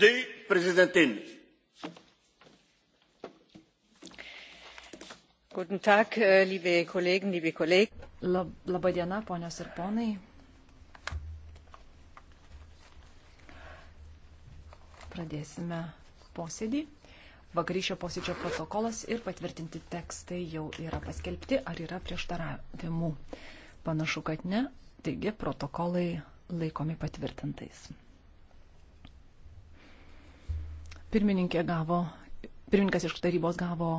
die präsidentin! guten tag äh, liebe kollegen liebe kollegen! Lab, laba diena ponios ir ponai! pradėsime posėdį. Vakarykščio posėdžio protokolas ir patvirtinti tekstai jau yra paskelbti, ar yra prieštaravimų. Panašu, kad ne, taigi protokolai laikomi patvirtintais pirmininkė gavo, pirmininkas iš tarybos gavo